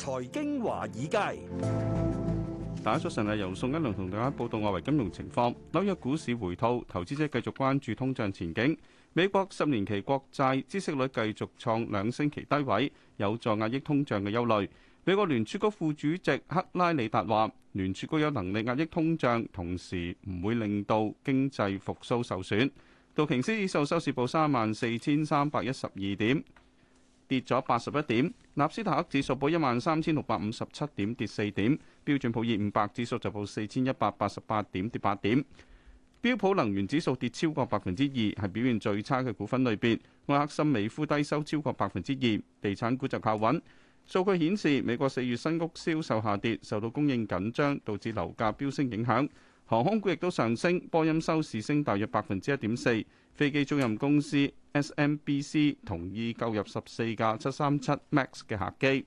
財經華爾街，大家早晨啊！由宋欣亮同大家報道外圍金融情況。紐約股市回吐，投資者繼續關注通脹前景。美國十年期國債孳息率繼續創兩星期低位，有助壓抑通脹嘅憂慮。美國聯儲局副主席克拉里達話：聯儲局有能力壓抑通脹，同時唔會令到經濟復蘇受損。道瓊斯指數收市報三萬四千三百一十二點。跌咗八十一點，納斯達克指數報一萬三千六百五十七點，跌四點；標準普爾五百指數就報四千一百八十八點，跌八點。標普能源指數跌超過百分之二，係表現最差嘅股份類別。愛克森美孚低收超過百分之二，地產股就靠穩。數據顯示美國四月新屋銷售下跌，受到供應緊張導致樓價飆升影響。航空股亦都上升，波音收市升大約百分之一點四。飛機租賃公司 SMBC 同意購入十四架七三七 MAX 嘅客機。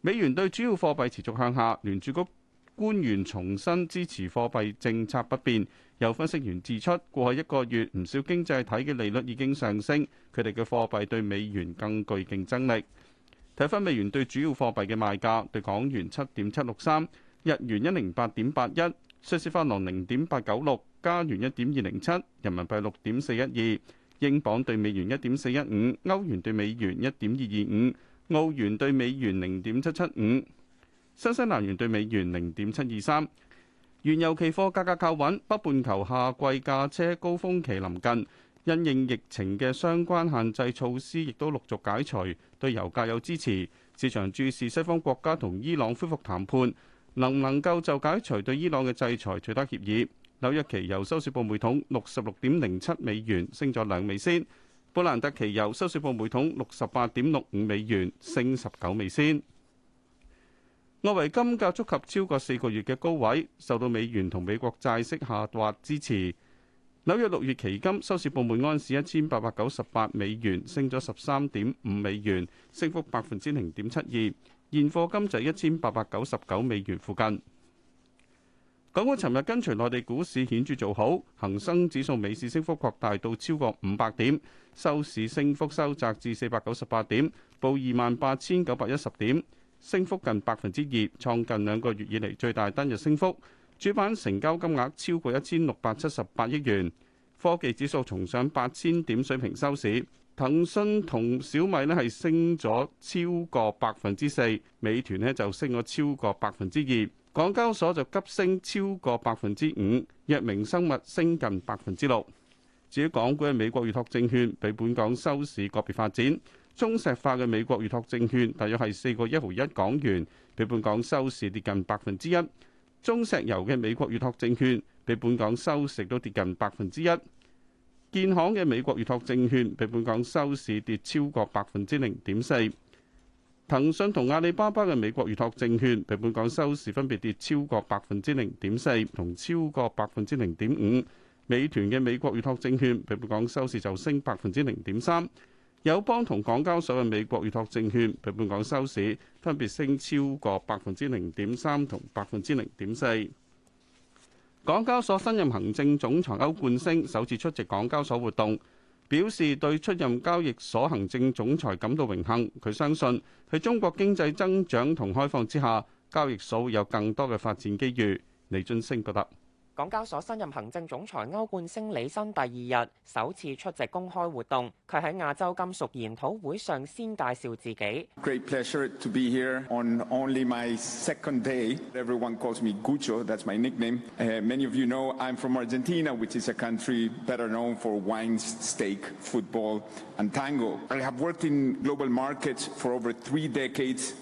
美元對主要貨幣持續向下，聯儲局官員重申支持貨幣政策不變。有分析員指出，過去一個月唔少經濟體嘅利率已經上升，佢哋嘅貨幣對美元更具競爭力。睇翻美元對主要貨幣嘅賣價，對港元七點七六三，日元一零八點八一，瑞士法郎零點八九六。加元一點二零七，人民幣六點四一二，英鎊對美元一點四一五，歐元對美元一點二二五，澳元對美元零點七七五，新西蘭元對美元零點七二三。原油期貨價格靠穩，北半球夏季駕車高峰期臨近，因應疫情嘅相關限制措施亦都陸續解除，對油價有支持。市場注視西方國家同伊朗恢復談判，能唔能夠就解除對伊朗嘅制裁取得協議？紐約期油收市報每桶六十六點零七美元，升咗兩美仙。布蘭特期油收市報每桶六十八點六五美元，升十九美仙。外圍金價觸及超過四個月嘅高位，受到美元同美國債息下滑支持。紐約六月期金收市報每安士一千八百九十八美元，升咗十三點五美元，升幅百分之零點七二。現貨金就一千八百九十九美元附近。港股尋日跟隨內地股市顯著做好，恒生指數尾市升幅擴大到超過五百點，收市升幅收窄至四百九十八點，報二萬八千九百一十點，升幅近百分之二，創近兩個月以嚟最大單日升幅。主板成交金額超過一千六百七十八億元，科技指數重上八千點水平收市。騰訊同小米呢係升咗超過百分之四，美團呢就升咗超過百分之二，港交所就急升超過百分之五，藥明生物升近百分之六。至於港股嘅美國預託證券，比本港收市個別發展，中石化嘅美國預託證券大約係四個一毫一港元，比本港收市跌近百分之一；中石油嘅美國預託證券比本港收市都跌近百分之一。建行嘅美國預託證券比本港收市跌超過百分之零點四，騰訊同阿里巴巴嘅美國預託證券比本港收市分別跌超過百分之零點四同超過百分之零點五，美團嘅美國預託證券比本港收市就升百分之零點三，友邦同港交所嘅美國預託證券比本港收市分別升超過百分之零點三同百分之零點四。港交所新任行政總裁歐冠升首次出席港交所活動，表示對出任交易所行政總裁感到榮幸。佢相信喺中國經濟增長同開放之下，交易所有更多嘅發展機遇。李俊升報道。港交所新任行政總裁歐冠昇履新第二日首次出席公開活動。佢喺亞洲金屬研討會上先介紹自己。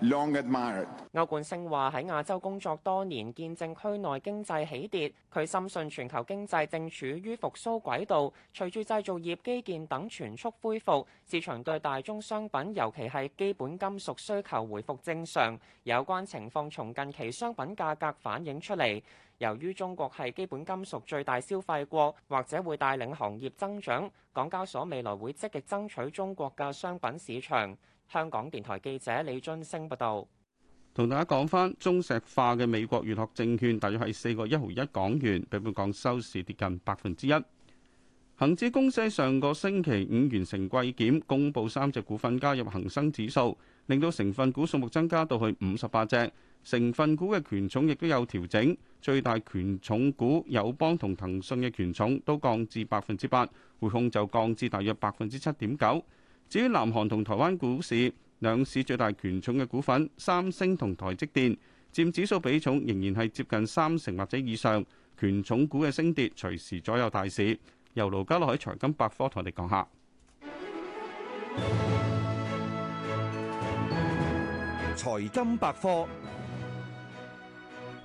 歐 Long 冠勝話喺亞洲工作多年，見證區內經濟起跌。佢深信全球經濟正處於復蘇軌道，隨住製造業、基建等全速恢復，市場對大宗商品，尤其係基本金屬需求回復正常。有關情況從近期商品價格反映出嚟。由於中國係基本金屬最大消費國，或者會帶領行業增長。港交所未來會積極爭取中國嘅商品市場。香港電台記者李津升報道。同大家講返，中石化嘅美國預託證券大約係四個一毫一港元，比本港收市跌近百分之一。恒指公司上個星期五完成季檢，公布三隻股份加入恒生指數，令到成分股數目增加到去五十八隻。成分股嘅權重亦都有調整，最大權重股友邦同騰訊嘅權重都降至百分之八，匯控就降至大約百分之七點九。至於南韓同台灣股市，兩市最大權重嘅股份三星同台積電佔指數比重仍然係接近三成或者以上。權重股嘅升跌隨時左右大市。由盧家樂喺財金百科同我哋講下，財金百科。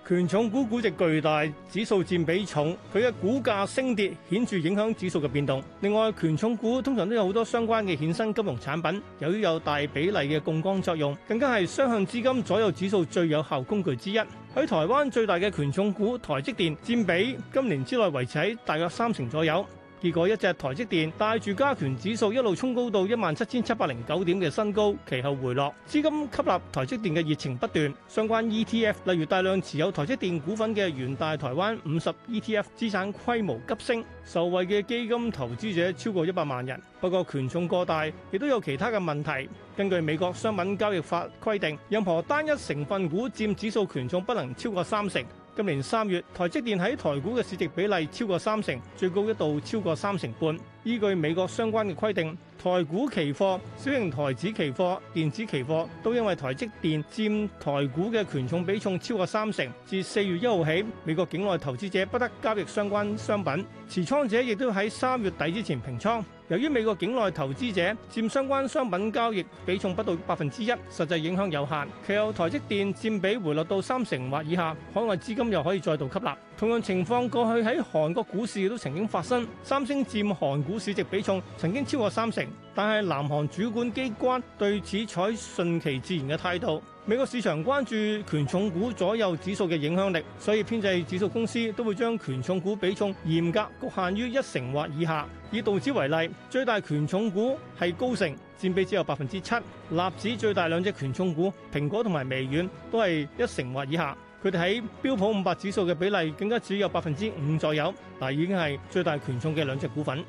權重股估值巨大，指數佔比重，佢嘅股價升跌顯著影響指數嘅變動。另外，權重股通常都有好多相關嘅衍生金融產品，由於有大比例嘅槓桿作用，更加係雙向資金左右指數最有效工具之一。喺台灣最大嘅權重股台積電佔比，今年之內維持喺大約三成左右。結果一隻台積電帶住加權指數一路衝高到一萬七千七百零九點嘅新高，其後回落。資金吸納台積電嘅熱情不斷，相關 ETF 例如大量持有台積電股份嘅元大台灣五十 ETF 資產規模急升，受惠嘅基金投資者超過一百萬人。不過權重過大，亦都有其他嘅問題。根據美國商品交易法規定，任何單一成分股佔指數權重不能超過三成。今年三月，台積電喺台股嘅市值比例超過三成，最高一度超過三成半。依據美國相關嘅規定，台股期貨、小型台指期貨、電子期貨都因為台積電佔台股嘅權重比重超過三成，自四月一號起，美國境外投資者不得交易相關商品，持倉者亦都喺三月底之前平倉。由於美國境內投資者佔相關商品交易比重不到百分之一，實際影響有限。其後台積電佔比回落到三成或以下，海外資金又可以再度吸納。同樣情況過去喺韓國股市都曾經發生，三星佔韓股市值比重曾經超過三成，但係南韓主管機關對此採順其自然嘅態度。美國市場關注權重股左右指數嘅影響力，所以編製指數公司都會將權重股比重嚴格局限於一成或以下。以道指為例，最大權重股係高盛，佔比只有百分之七；納指最大兩隻權重股蘋果同埋微軟都係一成或以下。佢哋喺標普五百指數嘅比例，更加只有百分之五左右，但已經係最大權重嘅兩隻股份。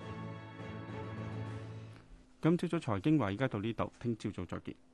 今朝早財經話，而家到呢度，聽朝早再見。